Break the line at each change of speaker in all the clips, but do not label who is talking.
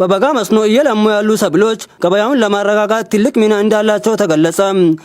በበጋ መስኖ እየለሙ ያሉ ሰብሎች ገበያውን ለማረጋጋት ትልቅ ሚና እንዳላቸው ተገለጸ።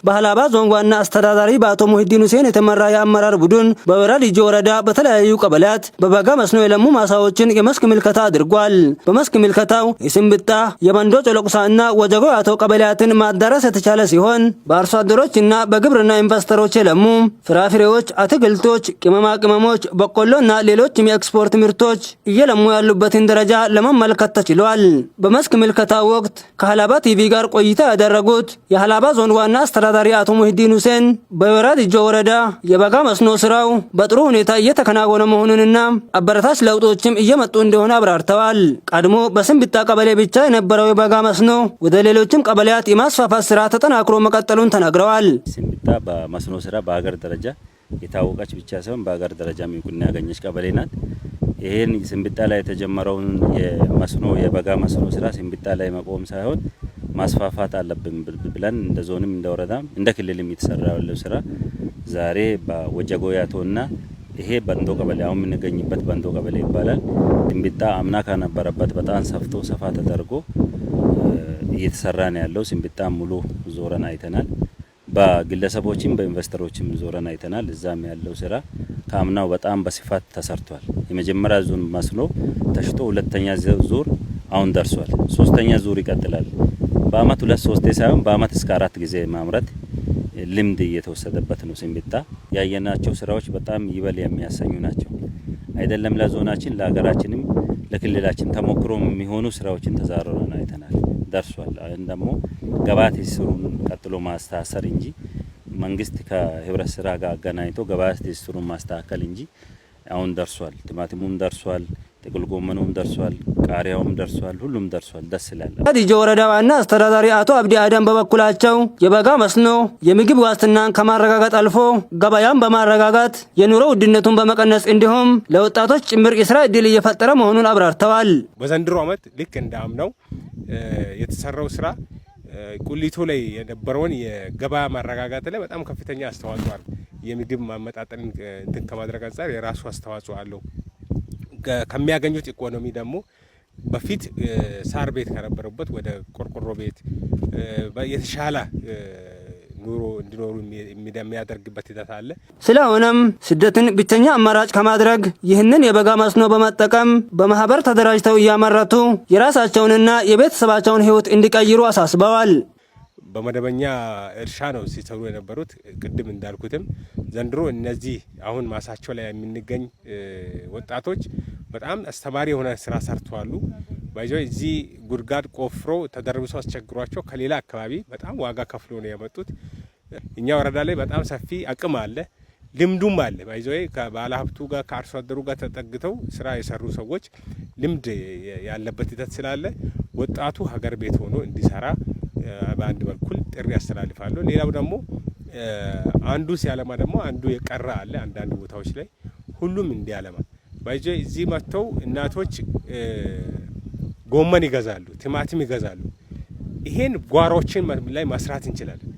በሀላባ ዞን ዋና አስተዳዳሪ በአቶ ሙሂዲን ሁሴን የተመራ የአመራር ቡድን በወረድ ጆ ወረዳ በተለያዩ ቀበሌያት በበጋ መስኖ የለሙ ማሳዎችን የመስክ ምልከታ አድርጓል። በመስክ ምልከታው የስንብጣ፣ የመንዶ ጨለቁሳ እና ወጀጎ አቶ ቀበሌያትን ማዳረስ የተቻለ ሲሆን በአርሶ አደሮች እና በግብርና ኢንቨስተሮች የለሙ ፍራፍሬዎች፣ አትክልቶች፣ ቅመማ ቅመሞች፣ በቆሎ እና ሌሎችም የኤክስፖርት ምርቶች እየለሙ ያሉበትን ደረጃ ለመመልከት ተችሏል። በመስክ ምልከታ ወቅት ከሀላባ ቲቪ ጋር ቆይታ ያደረጉት የሀላባ ዞን ዋና አስተዳዳሪ አቶ ሙሂዲን ሁሴን በወይራ ዲጆ ወረዳ የበጋ መስኖ ስራው በጥሩ ሁኔታ እየተከናወነ መሆኑንና አበረታች ለውጦችም እየመጡ እንደሆነ አብራርተዋል። ቀድሞ በስንብታ ቀበሌ ብቻ የነበረው የበጋ መስኖ ወደ ሌሎችም ቀበሌያት የማስፋፋት ስራ ተጠናክሮ መቀጠሉን ተናግረዋል።
ስንብታ በመስኖ ስራ በሀገር ደረጃ የታወቀች ብቻ ሳይሆን በሀገር ደረጃ እውቅና ያገኘች ቀበሌ ናት። ይሄን ስንብጣ ላይ የተጀመረውን የመስኖ የበጋ መስኖ ስራ ስንብጣ ላይ መቆም ሳይሆን ማስፋፋት አለብን ብለን እንደ ዞንም እንደ ወረዳም እንደ ክልልም እየተሰራ ያለው ስራ ዛሬ በወጀጎያቶና ይሄ በንዶ ቀበሌ አሁን የምንገኝበት በንዶ ቀበሌ ይባላል። ስንብጣ አምና ከነበረበት በጣም ሰፍቶ ሰፋ ተደርጎ እየተሰራ ነው ያለው። ስንብጣ ሙሉ ዞረን አይተናል። በግለሰቦችም በኢንቨስተሮችም ዞረን አይተናል። እዛም ያለው ስራ ከአምናው በጣም በስፋት ተሰርቷል። የመጀመሪያ ዙር መስኖ ተሽቶ ሁለተኛ ዙር አሁን ደርሷል። ሶስተኛ ዙር ይቀጥላል። በአመት ሁለት ሶስቴ ሳይሆን በአመት እስከ አራት ጊዜ ማምረት ልምድ እየተወሰደበት ነው። ስንብታ ያየናቸው ስራዎች በጣም ይበል የሚያሰኙ ናቸው። አይደለም ለዞናችን ለሀገራችንም ለክልላችን ተሞክሮ የሚሆኑ ስራዎችን ተዛረረን አይተናል፣ ደርሷል። አሁን ደግሞ ገባት ስሩን ቀጥሎ ማስተሳሰር እንጂ መንግስት ከህብረት ስራ ጋር አገናኝቶ ገበያ ትስስሩን ማስተካከል እንጂ አሁን ደርሷል። ቲማቲሙም ደርሷል፣ ጥቅል ጎመኑም ደርሷል፣ ቃሪያውም ደርሷል፣ ሁሉም ደርሷል። ደስ ይላል።
ዲጆ ወረዳ ዋና አስተዳዳሪ አቶ አብዲ አደም በበኩላቸው የበጋ መስኖ የምግብ ዋስትናን ከማረጋጋት አልፎ ገበያን በማረጋጋት የኑሮ ውድነቱን በመቀነስ እንዲሁም ለወጣቶች ጭምር የስራ እድል እየፈጠረ መሆኑን አብራርተዋል።
በዘንድሮ ዓመት ልክ እንደ አምናው የተሰራው ስራ ቁሊቶ ላይ የነበረውን የገበያ ማረጋጋት ላይ በጣም ከፍተኛ አስተዋጽኦ አለ። የምግብ ማመጣጠን እንትን ከማድረግ አንጻር የራሱ አስተዋጽኦ አለው። ከሚያገኙት ኢኮኖሚ ደግሞ በፊት ሳር ቤት ከነበረበት ወደ ቆርቆሮ ቤት የተሻለ ኑሮ እንዲኖሩ የሚያደርግበት ሂደት አለ።
ስለሆነም ስደትን ብቸኛ አማራጭ ከማድረግ ይህንን የበጋ መስኖ በመጠቀም በማህበር ተደራጅተው እያመረቱ የራሳቸውንና የቤተሰባቸውን ህይወት እንዲቀይሩ አሳስበዋል።
በመደበኛ እርሻ ነው ሲሰሩ የነበሩት። ቅድም እንዳልኩትም ዘንድሮ እነዚህ አሁን ማሳቸው ላይ የምንገኝ ወጣቶች በጣም አስተማሪ የሆነ ስራ ሰርተዋሉ። ባይዘ እዚህ ጉድጓድ ቆፍሮ ተደርብሶ አስቸግሯቸው ከሌላ አካባቢ በጣም ዋጋ ከፍሎ ነው የመጡት። እኛ ወረዳ ላይ በጣም ሰፊ አቅም አለ፣ ልምዱም አለ። ባይዘ ከባለ ሀብቱ ጋር ከአርሶ አደሩ ጋር ተጠግተው ስራ የሰሩ ሰዎች ልምድ ያለበት ሂደት ስላለ ወጣቱ ሀገር ቤት ሆኖ እንዲሰራ በአንድ በኩል ጥሪ ያስተላልፋሉ። ሌላው ደግሞ አንዱ ሲያለማ ደግሞ አንዱ የቀረ አለ። አንዳንድ ቦታዎች ላይ ሁሉም እንዲያለማ ባይዞ እዚህ መጥተው እናቶች ጎመን ይገዛሉ፣ ቲማቲም ይገዛሉ። ይሄን ጓሮችን ላይ ማስራት እንችላለን።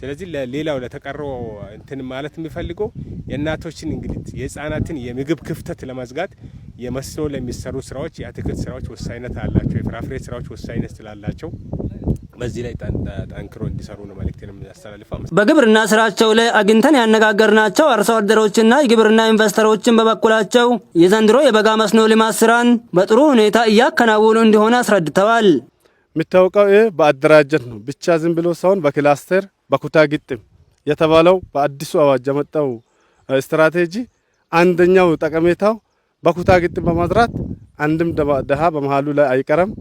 ስለዚህ ለሌላው ለተቀረው እንትን ማለት የሚፈልገው የእናቶችን እንግዲህ የህፃናትን የምግብ ክፍተት ለመዝጋት የመስኖ ለሚሰሩ ስራዎች የአትክልት ስራዎች ወሳኝነት አላቸው። የፍራፍሬ ስራዎች ወሳኝነት ስላላቸው በዚህ ላይ ጠንክሮ እንዲሰሩ ነው መልእክቴን የምናስተላልፈው።
በግብርና ስራቸው ላይ አግኝተን ያነጋገርናቸው አርሶ አደሮችና የግብርና ኢንቨስተሮችን በበኩላቸው የዘንድሮ የበጋ መስኖ ልማት ስራን በጥሩ ሁኔታ እያከናወኑ እንደሆነ አስረድተዋል።
የሚታወቀው ይህ በአደራጀት ነው ብቻ ዝም ብሎ ሳይሆን በክላስተር በኩታ ግጥም የተባለው በአዲሱ አዋጅ የመጣው ስትራቴጂ አንደኛው ጠቀሜታው በኩታ ግጥም በማዝራት አንድም ደሃ በመሃሉ ላይ አይቀረም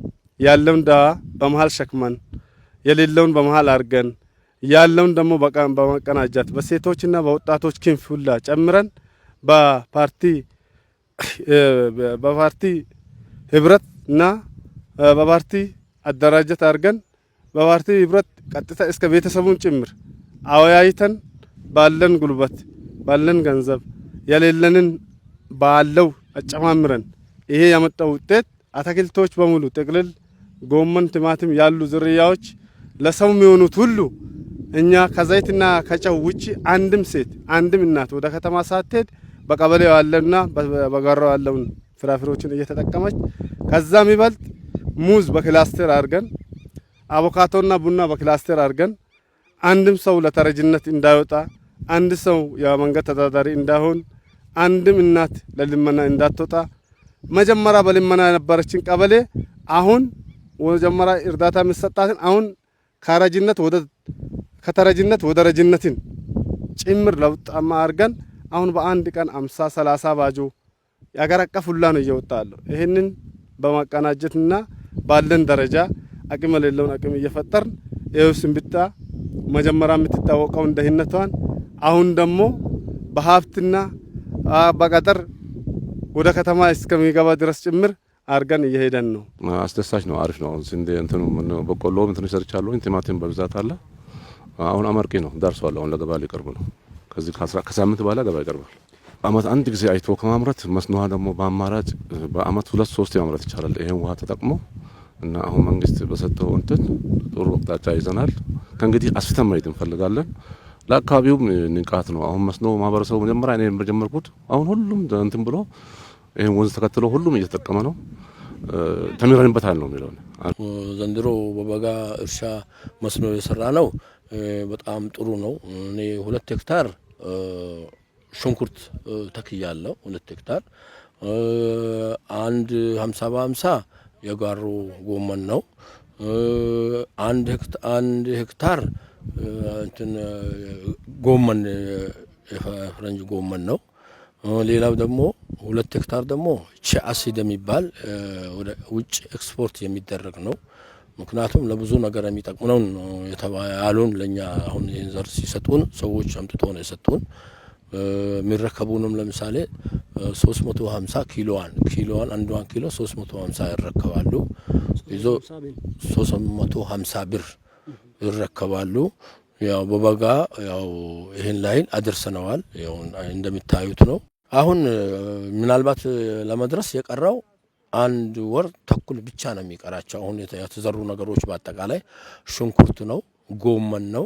ያለም ደሃ በመሃል ሸክመን የሌለውን በመሀል አድርገን ያለውን ደግሞ በማቀናጀት በሴቶችና በወጣቶች ክንፍ ሁላ ጨምረን በፓርቲ በፓርቲ ህብረት እና በፓርቲ አደራጀት አድርገን በፓርቲ ህብረት ቀጥታ እስከ ቤተሰቡን ጭምር አወያይተን ባለን ጉልበት ባለን ገንዘብ የሌለንን ባለው አጨማምረን ይሄ ያመጣው ውጤት አትክልቶች በሙሉ ጥቅልል፣ ጎመን፣ ቲማቲም ያሉ ዝርያዎች ለሰው የሚሆኑት ሁሉ እኛ ከዘይትና ከጨው ውጭ አንድም ሴት አንድም እናት ወደ ከተማ ሳትሄድ በቀበሌው ያለውና በጋራው ያለውን ፍራፍሬዎችን እየተጠቀመች ከዛ የሚበልጥ ሙዝ በክላስተር አድርገን አቮካቶና ቡና በክላስተር አድርገን አንድም ሰው ለተረጅነት እንዳይወጣ፣ አንድ ሰው የመንገድ ተዳዳሪ እንዳይሆን፣ አንድም እናት ለልመና እንዳትወጣ መጀመሪያ በልመና የነበረችን ቀበሌ አሁን መጀመሪያ እርዳታ የሚሰጣትን አሁን ከረጅነት ወደ ከተረጅነት ወደ ረጅነትን ጭምር ለውጣማ አድርገን አሁን በአንድ ቀን አምሳ ሰላሳ ባጆ የአገር አቀፍ ሁላ ነው እየወጣ ይህንን በማቀናጀትና ባለን ደረጃ አቅም የሌለውን አቅም እየፈጠርን ይኸው ብታ መጀመሪያ የምትታወቀው እንደህነቷን አሁን ደግሞ በሀብትና በቀጠር ወደ ከተማ እስከሚገባ ድረስ ጭምር አድርገን እየሄደን ነው።
አስደሳች ነው። አሪፍ ነው። ስንዴ እንትኑ በቆሎ እንትኑ ይሰርቻለሁ ቲማቲም በብዛት አለ። አሁን አመርቂ ነው፣ ደርሷል። አሁን ለገበያ ሊቀርቡ ነው። ከዚህ ከሳምንት በኋላ ገበያ ይቀርባል። አመት አንድ ጊዜ አይቶ ከማምረት መስኖዋ ደግሞ በአማራጭ በአመት ሁለት ሶስት ማምረት ይቻላል። ይሄን ውሃ ተጠቅሞ እና አሁን መንግስት በሰጠው እንትን ጥሩ አቅጣጫ ይዘናል። ከእንግዲህ አስፍተን ማየት እንፈልጋለን። ለአካባቢውም ንቃት ነው። አሁን መስኖ ማህበረሰቡ መጀመሪያ እኔ ጀመርኩት። አሁን ሁሉም እንትን ብሎ ይህን ወንዝ ተከትሎ ሁሉም እየተጠቀመ ነው። ተምረንበታል ነው የሚለው
ዘንድሮ በበጋ እርሻ መስኖ የሰራ ነው። በጣም ጥሩ ነው። እኔ ሁለት ሄክታር ሽንኩርት ተክያለሁ። ሁለት ሄክታር አንድ ሀምሳ በሀምሳ የጓሮ ጎመን ነው። አንድ ሄክታር እንትን ጎመን የፈረንጅ ጎመን ነው። ሌላው ደግሞ ሁለት ሄክታር ደግሞ ቺአሲድ የሚባል ወደ ውጭ ኤክስፖርት የሚደረግ ነው። ምክንያቱም ለብዙ ነገር የሚጠቅሙ ነው የተባሉን ለእኛ አሁን ይህን ዘር ሲሰጡን ሰዎች አምጥቶ ነው የሰጡን። የሚረከቡንም ለምሳሌ 350 ኪሎዋን ኪሎዋን አንዷን ኪሎ 350 ይረከባሉ። ይዞ 350 ብር ይረከባሉ። ያው በበጋ ያው ይህን ላይን አድርሰነዋል። እንደሚታዩት ነው። አሁን ምናልባት ለመድረስ የቀረው አንድ ወር ተኩል ብቻ ነው የሚቀራቸው። አሁን የተዘሩ ነገሮች በአጠቃላይ ሽንኩርት ነው፣ ጎመን ነው፣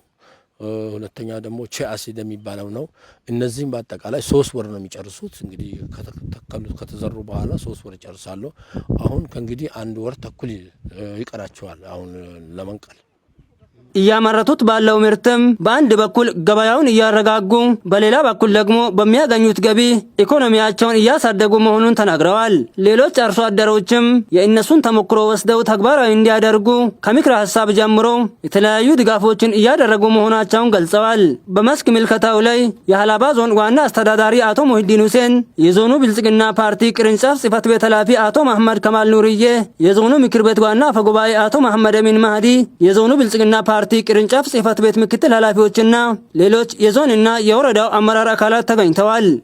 ሁለተኛ ደግሞ ቺያሲድ የሚባለው ነው። እነዚህም በአጠቃላይ ሶስት ወር ነው የሚጨርሱት። እንግዲህ ከተተከሉት ከተዘሩ በኋላ ሶስት ወር ይጨርሳሉ። አሁን ከእንግዲህ አንድ ወር ተኩል ይቀራቸዋል አሁን ለመንቀል
እያመረቱት ባለው ምርትም በአንድ በኩል ገበያውን እያረጋጉ በሌላ በኩል ደግሞ በሚያገኙት ገቢ ኢኮኖሚያቸውን እያሳደጉ መሆኑን ተናግረዋል። ሌሎች አርሶ አደሮችም የእነሱን ተሞክሮ ወስደው ተግባራዊ እንዲያደርጉ ከምክረ ሀሳብ ጀምሮ የተለያዩ ድጋፎችን እያደረጉ መሆናቸውን ገልጸዋል። በመስክ ምልከታው ላይ የሀላባ ዞን ዋና አስተዳዳሪ አቶ ሙሂዲን ሁሴን፣ የዞኑ ብልጽግና ፓርቲ ቅርንጫፍ ጽህፈት ቤት ኃላፊ አቶ መሐመድ ከማል ኑርዬ፣ የዞኑ ምክር ቤት ዋና አፈጉባኤ አቶ መሐመድ አሚን ማህዲ፣ የዞኑ ብልጽግና ፓርቲ ፓርቲ ቅርንጫፍ ጽህፈት ቤት ምክትል ኃላፊዎችና ሌሎች የዞንና የወረዳው አመራር አካላት ተገኝተዋል።